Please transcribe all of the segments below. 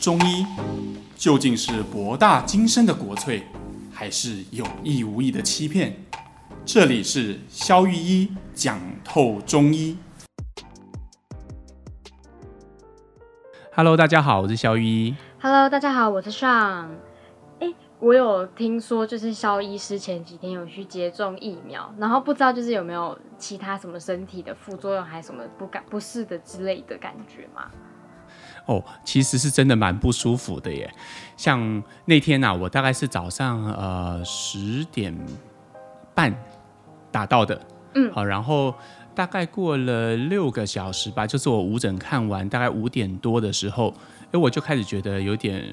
中醫究竟是博大精深的國粹，還是有意無意的欺騙？這裡是蕭御醫講透中醫。Hello，大家好，我是蕭御醫。Hello，大家好，我是 Sean。欸，我有聽說，就是蕭醫師前幾天有去接種疫苗，然後不知道就是有沒有其他什麼身體的副作用，還是什麼不感不適的之類的感覺嗎？哦，其實是真的蠻不舒服的耶，像那天吶、啊，我大概是早上呃十點半打到的，嗯，好，然後大概過了六個小時吧，就是我午診看完大概五點多的時候，哎，我就開始覺得有點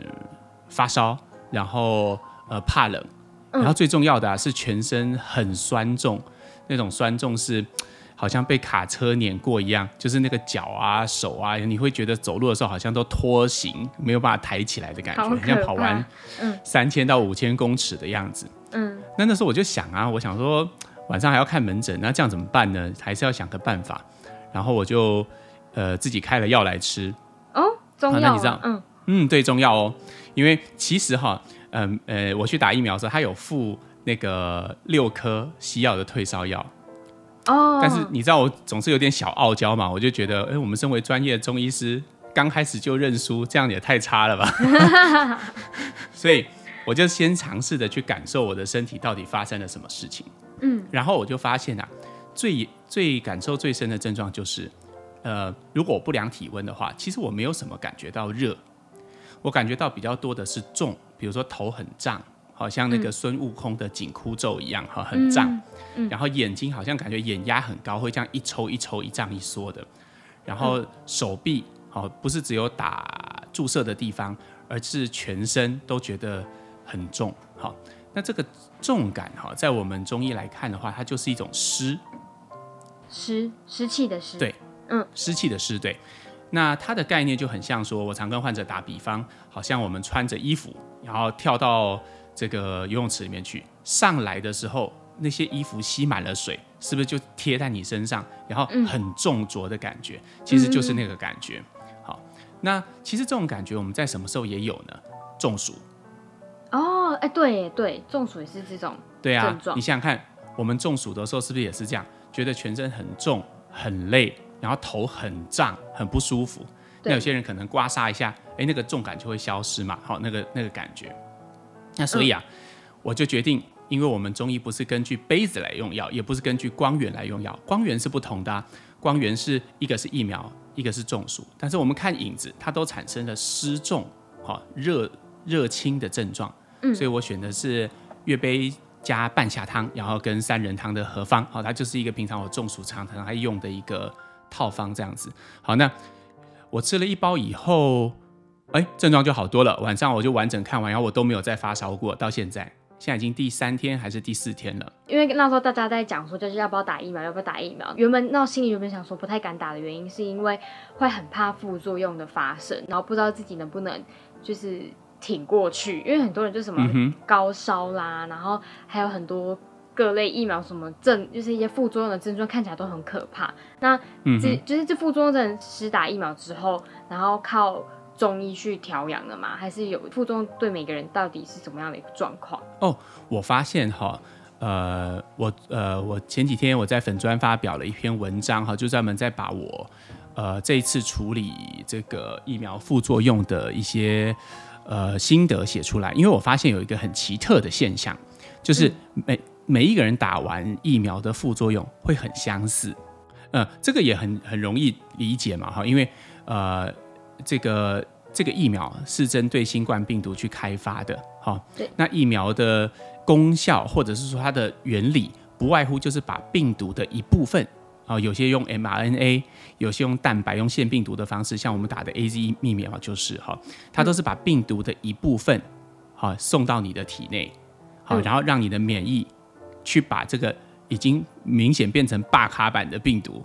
發燒，然後呃怕冷，然後最重要的啊是全身很酸重，那種酸重是。好像被卡車碾過一樣，就是那個腳啊、手啊，你會覺得走路的時候好像都拖行，沒有辦法抬起來的感覺。好可怕！像跑完嗯、三千到五千公尺的樣子，嗯，那那時候我就想啊，我想說晚上還要看門診，那這樣怎麼辦呢？還是要想個辦法。然後我就呃自己開了藥來吃哦，中藥、啊啊。那你這樣嗯，嗯，對中藥哦，因為其實哈，嗯呃，呃，我去打疫苗的時候，他有附那個六顆西藥的退燒藥。但是你知道我總是有點小傲嬌嘛，我就覺得，哎、欸，我們身為專業的中醫師，剛開始就認輸，這樣也太差了吧。 所以我就先嘗試着去感受我的身體到底發生了什麼事情。嗯，然後我就發現啊，最最感受最深的症狀就是，呃，如果我不量體溫的話，其實我沒有什麼感覺到熱，我感覺到比較多的是重，比如說頭很脹。好像那個孫悟空的緊箍咒一樣，哈、嗯哦，很脹、嗯嗯。然後眼睛好像感覺眼壓很高，會這樣一抽一抽、一脹一縮的。然後手臂，好、嗯哦，不是只有打注射的地方，而是全身都覺得很重，好、哦。那這個重感，哈、哦，在我們中醫來看的話，它就是一種濕，濕濕氣的濕。對，嗯，濕氣的濕。對。那它的概念就很像說，我常跟患者打比方，好像我們穿着衣服，然後跳到。這個游泳池裡面去，上來的時候那些衣服吸滿了水，是不是就貼在你身上，然後很重濁的感覺、嗯？其實就是那個感覺、嗯。好，那其實這種感覺我們在什麼時候也有呢？中暑。哦，哎，對對，中暑也是這種症狀。對啊，你想想看，我們中暑的時候是不是也是這樣？覺得全身很重、很累，然後頭很脹、很不舒服。那有些人可能刮痧一下，哎，那個重感就會消失嘛。好，那個那個感覺。那所以啊、嗯，我就決定，因為我們中醫不是根據杯子來用藥，也不是根據光源來用藥，光源是不同的、啊，光源是一個是疫苗，一個是中暑，但是我們看影子，它都產生了失重、哈熱熱清的症狀、嗯，所以我選的是越婢加半夏湯，然後跟三仁湯的合方，好、哦，它就是一個平常我中暑常常愛用的一個套方這樣子，好，那我吃了一包以後，哎，症狀就好多了。晚上我就完整看完，然後我都沒有再發燒過。到現在，現在已經第三天還是第四天了。因為那時候大家在講說，就是要不要打疫苗，要不要打疫苗。原本那我心裡原本想說不太敢打的原因，是因為會很怕副作用的發生，然後不知道自己能不能就是挺過去。因為很多人就什麼高燒啦，嗯、然後還有很多各類疫苗什麼症，就是一些副作用的症狀看起來都很可怕。那這、嗯、就是這副作用的人，施打疫苗之後，然後靠。中醫去調養的嗎？還是有副作用？對每個人到底是什麼樣的一個狀況？哦、oh,，我發現哈，呃，我呃，我前幾天我在粉專發表了一篇文章哈，就專門在把我呃這一次處理這個疫苗副作用的一些呃心得寫出來。因為我發現有一個很奇特的現象，就是每、嗯、每一個人打完疫苗的副作用會很相似。嗯、呃，這個也很很容易理解嘛哈，因為呃。這個這個疫苗是針對新冠病毒去開發的，哈。對，那疫苗的功效或者是說它的原理，不外乎就是把病毒的一部分，啊、哦，有些用 mRNA，有些用蛋白，用腺病毒的方式，像我們打的 AZ 疫苗就是哈、哦，它都是把病毒的一部分，哈、哦，送到你的體內，好、哦嗯，然後讓你的免疫去把這個已經明顯變成罷卡版的病毒，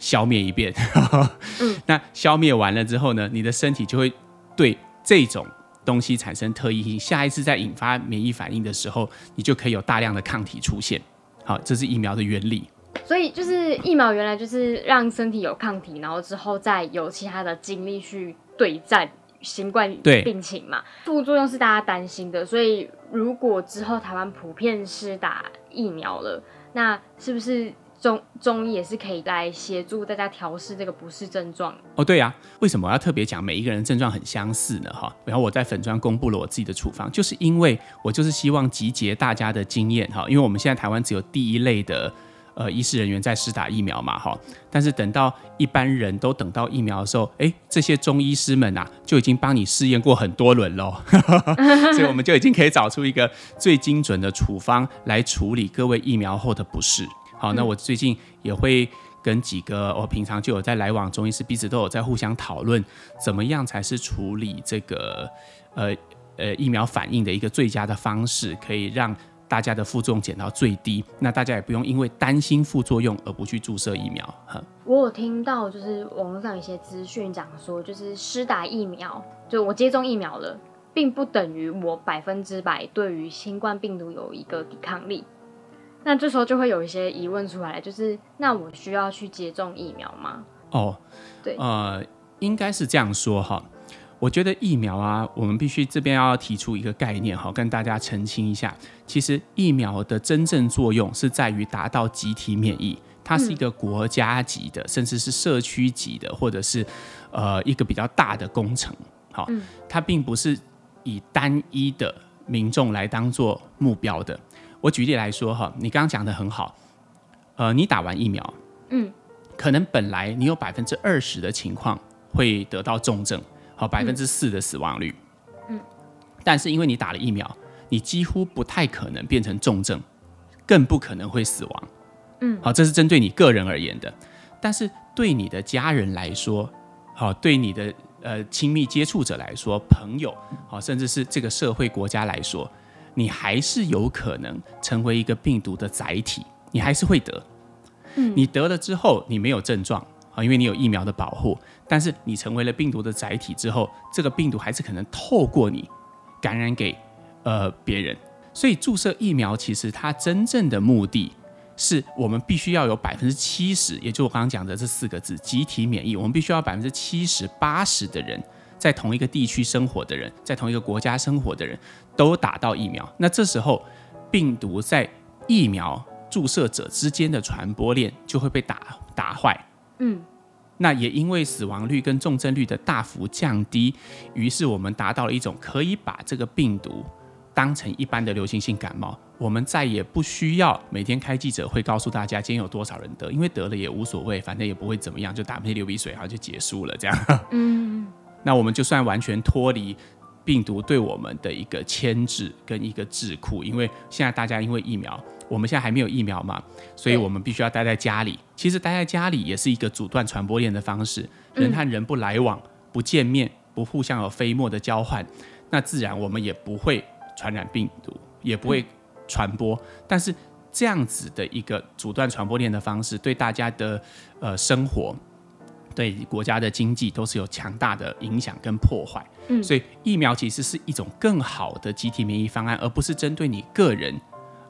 消滅一遍，呵呵，嗯，那消滅完了之後呢，你的身體就會對這種東西產生特異性，下一次再引發免疫反應的時候，你就可以有大量的抗體出現。好，這是疫苗的原理。所以就是疫苗原來就是讓身體有抗體，然後之後再有其他的精力去對戰新冠對，病情嘛。副作用是大家擔心的，所以如果之後台灣普遍是打疫苗了，那是不是？中中醫也是可以來協助大家調適這個不適症狀哦。對呀、啊，為什麼我要特別講每一個人症狀很相似呢？哈，然後我在粉專公布了我自己的處方，就是因為我就是希望集結大家的經驗哈。因為我們現在台灣只有第一類的呃醫事人員在施打疫苗嘛哈，但是等到一般人都等到疫苗的時候，哎、欸，這些中醫師們吶、啊、就已經幫你試驗過很多輪嘍， 所以我們就已經可以找出一個最精準的處方來處理各位疫苗後的不適。好，那我最近也會跟幾個我、哦、平常就有在來往中醫師，彼此都有在互相討論，怎麼樣才是處理這個呃呃疫苗反應的一個最佳的方式，可以讓大家的副作用減到最低。那大家也不用因為擔心副作用而不去注射疫苗。我有聽到就是網絡上有一些資訊講說，就是施打疫苗，就我接種疫苗了，並不等於我百分之百對於新冠病毒有一個抵抗力。那這時候就會有一些疑問出來，就是那我需要去接種疫苗嗎？哦，對。呃，應該是這樣說哈。我覺得疫苗啊，我們必須這邊要提出一個概念哈，跟大家澄清一下。其實疫苗的真正作用是在於達到集體免疫，它是一個國家級的，嗯、甚至是社區級的，或者是呃一個比較大的工程。好、嗯，它並不是以單一的民眾來當做目標的。我舉例來說哈，你剛剛講得很好，呃，你打完疫苗，嗯，可能本來你有百分之二十的情況會得到重症、和百分之四的死亡率，嗯，但是因為你打了疫苗，你幾乎不太可能變成重症，更不可能會死亡，嗯，好，這是針對你個人而言的，但是對你的家人來說，好，對你的呃親密接觸者來說，朋友，好，甚至是這個社會國家來說。你還是有可能成為一個病毒的載體，你還是會得。嗯，你得了之後，你沒有症狀啊，因為你有疫苗的保護。但是你成為了病毒的載體之後，這個病毒還是可能透過你感染給呃別人。所以注射疫苗，其實它真正的目的是，我們必須要有百分之七十，也就我剛剛講的這四個字——集體免疫。我們必須要百分之七十八十的人。在同一個地區生活的人，在同一個國家生活的人，都打到疫苗，那這時候病毒在疫苗注射者之間的傳播鏈就會被打打壞。嗯，那也因為死亡率跟重症率的大幅降低，於是我們達到了一種可以把這個病毒當成一般的流行性感冒，我們再也不需要每天開記者會告訴大家今天有多少人得，因為得了也無所謂，反正也不會怎麼樣，就打噴嚏流鼻水，然後就結束了這樣。嗯。那我們就算完全脫離病毒對我們的一個牽制跟一個桎梏。因為現在大家因為疫苗，我們現在還沒有疫苗嘛，所以我們必須要待在家裡。其實待在家裡也是一個阻斷傳播鏈的方式，人和人不來往、嗯、不見面、不互相有飛沫的交換，那自然我們也不會傳染病毒，也不會傳播、嗯。但是這樣子的一個阻斷傳播鏈的方式，對大家的呃生活。對國家的經濟都是有強大的影響跟破壞，嗯，所以疫苗其實是一種更好的集體免疫方案，而不是針對你個人，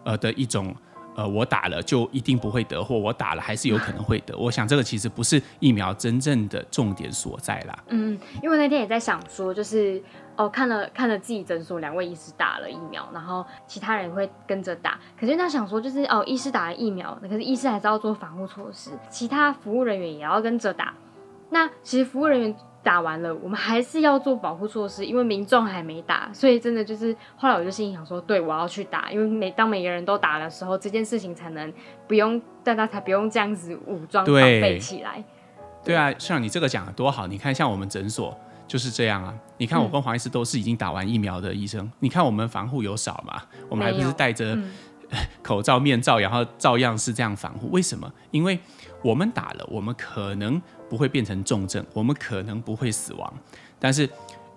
呃的一種，呃，我打了就一定不會得，或我打了還是有可能會得，啊。我想這個其實不是疫苗真正的重點所在啦。嗯，因為那天也在想說，就是哦，看了看了自己診所兩位醫師打了疫苗，然後其他人也會跟着打。可是他想說，就是哦，醫師打了疫苗，可是醫師還是要做防護措施，其他服務人員也要跟着打。那其實服務人員打完了，我們還是要做保護措施，因為民眾還沒打，所以真的就是後來我就心想說，對，我要去打，因為每當每個人都打的時候，這件事情才能不用，大家才不用這樣子武裝防備起來，對對。對啊，像你這個講得多好，你看像我們診所就是這樣啊，你看我跟黃醫師都是已經打完疫苗的醫生，嗯、你看我們防護有少嗎？我們還不是戴着、嗯、口罩面罩，然後照樣是這樣防護，為什麼？因為我們打了，我們可能。不會變成重症，我們可能不會死亡，但是，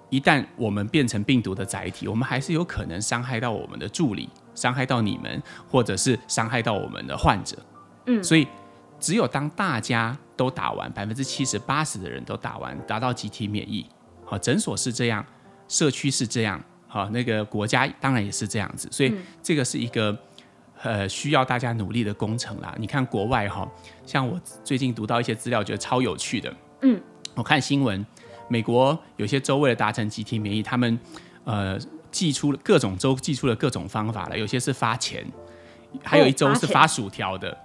一旦我們變成病毒的載體，我們還是有可能傷害到我們的助理，傷害到你們，或者是傷害到我們的患者。嗯，所以，只有當大家都打完，百分之七十八十的人都打完，達到集體免疫，好、啊，診所是這樣，社區是這樣，好、啊，那個國家當然也是這樣子，所以、嗯、這個是一個。呃，需要大家努力的工程啦。你看國外哈，像我最近讀到一些資料，覺得超有趣的。嗯，我看新聞，美國有些州為了達成集體免疫，他們呃，祭出了各種州祭出了各種方法了，有些是發錢。還有一周是發薯條的，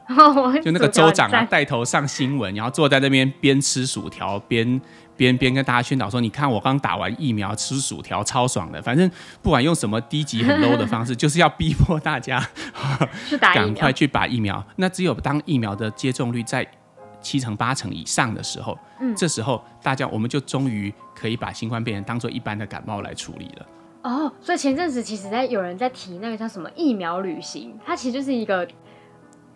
就那個州長啊帶頭上新聞，然後坐在那邊邊吃薯條邊邊跟大家宣導說：“你看我剛打完疫苗，吃薯條超爽的。反正不管用什麼低級很 low 的方式，就是要逼迫大家趕快去打疫苗。 那只有當疫苗的接種率在七成八成以上的時候，這時候大家我們就終於可以把新冠病人當做一般的感冒來處理了。”哦，所以前陣子其實，在有人在提那個叫什麼疫苗旅行，它其實就是一個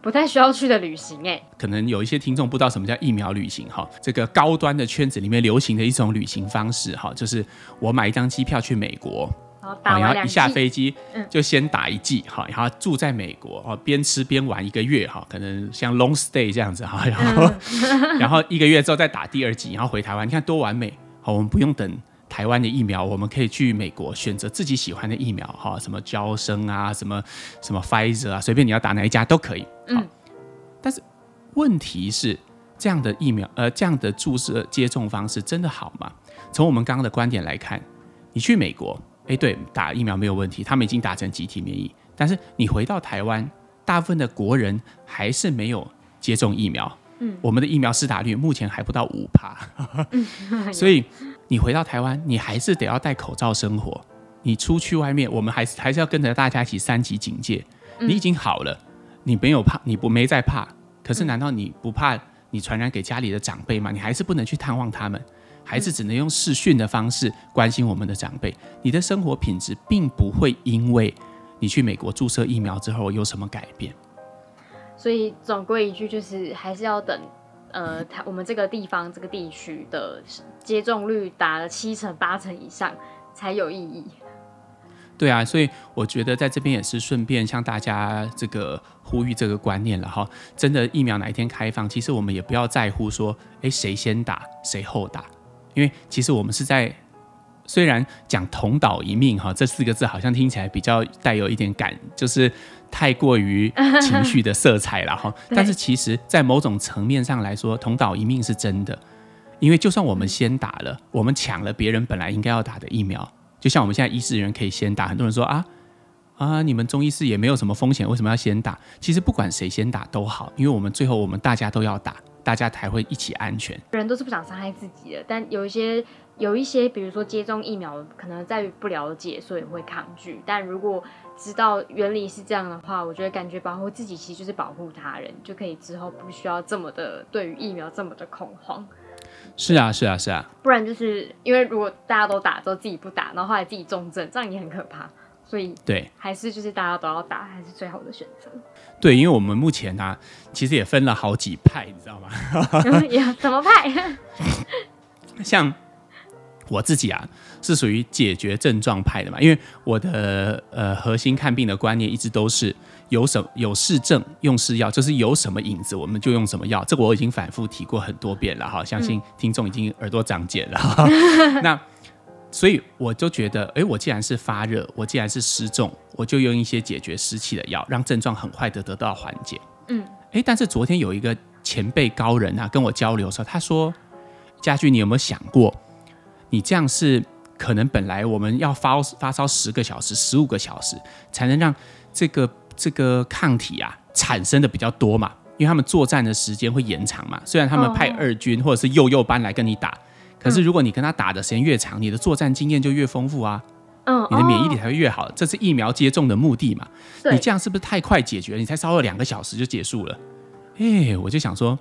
不太需要去的旅行。哎，可能有一些聽眾不知道什麼叫疫苗旅行哈、哦，這個高端的圈子裡面流行的一種旅行方式哈、哦，就是我買一張機票去美國，打哦、然後一下飛機就先打一劑哈、嗯，然後住在美國哦，邊吃邊玩一個月哈、哦，可能像 long stay 這樣子哈、哦，然後、嗯、 然後一個月之後再打第二劑，然後回台灣，你看多完美？好、哦，我們不用等。台灣的疫苗，我們可以去美國選擇自己喜歡的疫苗，哈，什麼嬌生啊，什麼什麼 Pfizer 啊，隨便你要打哪一家都可以好、嗯。但是問題是，這樣的疫苗，呃，這樣的注射接種方式真的好嗎？從我們剛剛的觀點來看，你去美國，哎、欸，對，打疫苗沒有問題，他們已經打成集體免疫。但是你回到台灣，大部分的國人還是沒有接種疫苗。嗯，我們的疫苗施打率目前還不到五趴，呵呵嗯、 所以。你回到台灣，你還是得要戴口罩生活。你出去外面，我們還是還是要跟着大家一起三級警戒、嗯。你已經好了，你沒有怕，你不沒再怕。可是難道你不怕你傳染給家裡的長輩嗎？你還是不能去探望他們，還是只能用視訊的方式關心我們的長輩、嗯。你的生活品質並不會因為你去美國注射疫苗之後有什麼改變。所以總歸一句，就是還是要等。呃，他我們這個地方這個地區的接種率達了七成八成以上才有意義。對啊，所以我覺得在這邊也是順便向大家這個呼籲這個觀念了哈。真的疫苗哪一天開放，其實我們也不要在乎說，哎、欸，誰先打誰後打，因為其實我們是在雖然講同島一命哈這四個字好像聽起來比較帶有一點感，就是。太過於情緒的色彩了哈， 但是其實，在某種層面上來說，同島一命是真的，因為就算我們先打了，嗯、我們搶了別人本來應該要打的疫苗，就像我們現在醫事人員可以先打，很多人說啊啊，你們中醫師也沒有什麼風險，為什麼要先打？其實不管誰先打都好，因為我們最後我們大家都要打，大家才會一起安全。人都是不想傷害自己的，但有一些有一些，比如說接種疫苗，可能在於不了解，所以會抗拒。但如果知道原理是這樣的話，我覺得感覺保護自己其實就是保護他人，就可以之後不需要這麼的對於疫苗這麼的恐慌。是啊，是啊，是啊。不然就是因為如果大家都打之後自己不打，然後後來自己重症，這樣也很可怕。所以對，還是就是大家都要打，還是最好的選擇。對，因為我們目前呢、啊，其實也分了好幾派，你知道嗎？也 怎麼派？ 像。我自己啊，是屬於解決症狀派的嘛。因為我的呃核心看病的觀念一直都是有什麼有濕症用濕藥，就是有什麼影子我們就用什麼藥。這個我已經反覆提過很多遍了哈，相信聽眾已經耳朵長繭了、嗯。那所以我就覺得，哎、欸，我既然是發熱，我既然是濕重，我就用一些解決濕氣的藥，讓症狀很快的得，得到緩解。嗯，哎、欸，但是昨天有一個前輩高人啊跟我交流說，他說：家駒，你有沒有想過？你這樣是可能本來我們要發發燒十個小時、十五個小時，才能讓這個這個抗體啊產生的比較多嘛？因為他們作戰的時間會延長嘛。雖然他們派二軍或者是幼幼班來跟你打，哦、可是如果你跟他打的時間越長，嗯、你的作戰經驗就越豐富啊、哦。你的免疫力才會越好。這是疫苗接種的目的嘛？對。你這樣是不是太快解決了？你才燒了兩個小時就結束了？哎、欸，我就想說，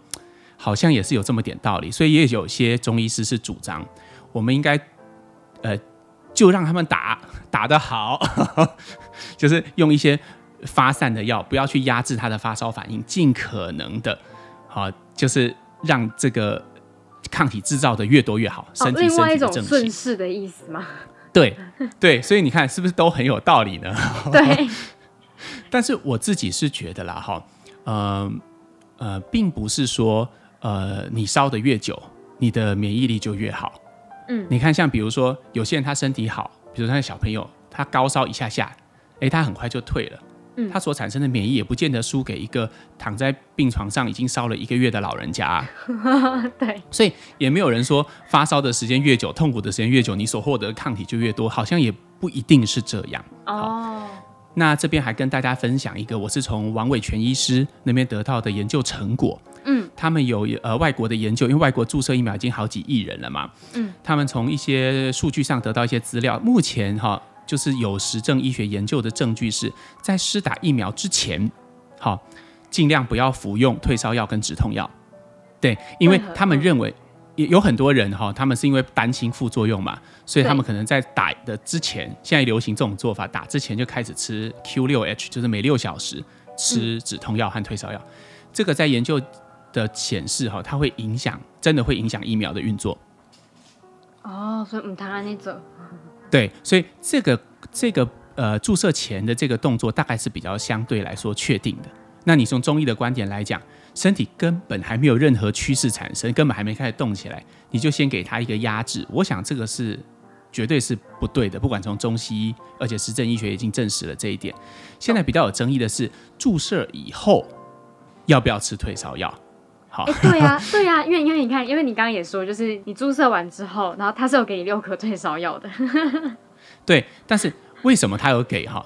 好像也是有這麼點道理。所以也有些中醫師是主張。我們應該，呃，就讓他們打打得好呵呵，就是用一些發散的藥，不要去壓制他的發燒反應，盡可能的，好、呃，就是讓這個抗體製造的越多越好身體。哦，另外一種順勢的意思嗎？對對，所以你看是不是都很有道理呢？ 對。但是我自己是覺得啦，哈、呃，呃呃，並不是說，呃，你燒的越久，你的免疫力就越好。嗯、你看，像比如說，有些人他身體好，比如他的小朋友，他高燒一下下，欸、他很快就退了、嗯。他所產生的免疫也不見得輸給一個躺在病床上已經燒了一個月的老人家、啊、 對。所以也沒有人說發燒的時間越久，痛苦的時間越久，你所獲得抗體就越多，好像也不一定是這樣。哦。那這邊還跟大家分享一個，我是從王偉權醫師那邊得到的研究成果。嗯，他們有呃外國的研究，因為外國注射疫苗已經好幾億人了嘛。嗯，他們從一些數據上得到一些資料。目前哈，就是有實證醫學研究的證據是在施打疫苗之前，哈，盡量不要服用退燒藥跟止痛藥。對，因為他們認為也有很多人哈，他們是因為擔心副作用嘛，所以他們可能在打的之前，現在流行這種做法，打之前就開始吃 Q 六 H，就是每六小時吃止痛藥和退燒藥、嗯。這個在研究，的顯示哈，它會影響，真的會影響疫苗的運作。哦，所以唔同你呢做。對，所以這個這個呃，注射前的這個動作，大概是比較相對來說確定的。那你從中醫的觀點來講，身體根本還沒有任何趨勢產生，根本還沒開始動起來，你就先給他一個壓制，我想這個是絕對是不對的。不管從中西醫，而且實證醫學已經證實了這一點。現在比較有爭議的是，注射以後要不要吃退燒藥？好、 欸，對呀、啊，對呀、啊，因為因為你看，因為你剛剛也說，就是你注射完之後，然後他是有給你六顆退燒藥的。 對，但是為什麼他有給哈、哦？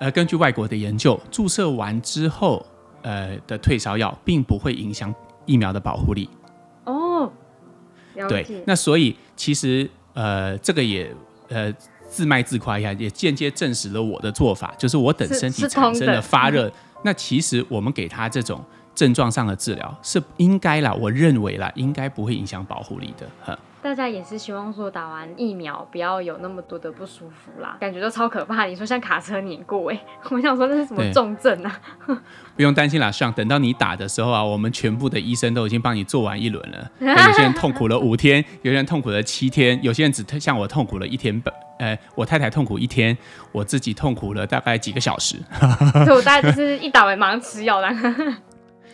呃，根據外國的研究，注射完之後，呃的退燒藥並不會影響疫苗的保護力。哦，了解。對，那所以其實呃，這個也呃自賣自誇一下，也間接證實了我的做法，就是我等身體產生了發熱，嗯、那其實我們給他這種。症狀上的治療是應該啦，我認為啦，應該不會影響保護力的。大家也是希望說打完疫苗不要有那麼多的不舒服啦，感覺都超可怕。你說像卡車碾過哎、欸，我想說這是什麼重症啊？ 不用擔心啦，Sean，等到你打的時候啊，我們全部的醫生都已經幫你做完一輪了、 呃。有些人痛苦了五天，有些人痛苦了七天，有些人只像我痛苦了一天半。哎、呃，我太太痛苦一天，我自己痛苦了大概幾個小時。 我大概就是一打完馬上吃藥了。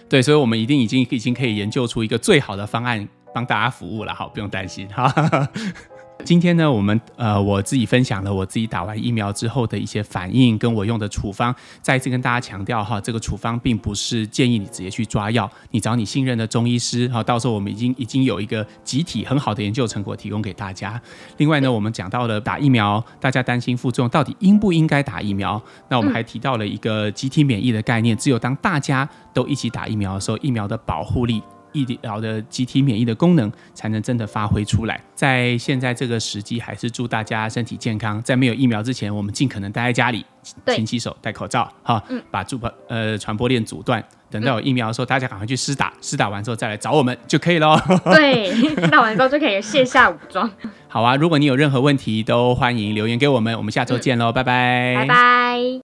對，所以，我們一定已經已經可以研究出一個最好的方案，幫大家服務了，好，不用擔心哈哈。好 今天呢，我們呃，我自己分享了我自己打完疫苗之後的一些反應，跟我用的處方，再次跟大家強調哈，這個處方並不是建議你直接去抓藥，你找你信任的中醫師哈。到時候我們已經已經有一個集體很好的研究成果提供給大家。另外呢，我們講到了打疫苗，大家擔心副作用，到底應不應該打疫苗？那我們還提到了一個集體免疫的概念，只有當大家都一起打疫苗的時候，疫苗的保護力。疫苗的集體免疫的功能才能真的發揮出來。在現在這個時機，還是祝大家身體健康。在沒有疫苗之前，我們盡可能待在家裡，勤洗手，戴口罩，哈、哦嗯，把傳、呃、播呃傳播鏈阻斷。等到有疫苗的時候，大家趕快去施打，施打完之後再來找我們就可以囉。對，打 完之後就可以卸下武裝。好啊，如果你有任何問題，都歡迎留言給我們。我們下週見嘍、嗯，拜拜。拜拜。